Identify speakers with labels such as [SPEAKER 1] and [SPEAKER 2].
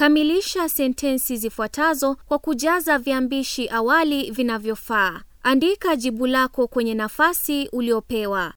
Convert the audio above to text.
[SPEAKER 1] Kamilisha sentensi zifuatazo kwa kujaza viambishi awali vinavyofaa. Andika jibu lako kwenye nafasi uliopewa.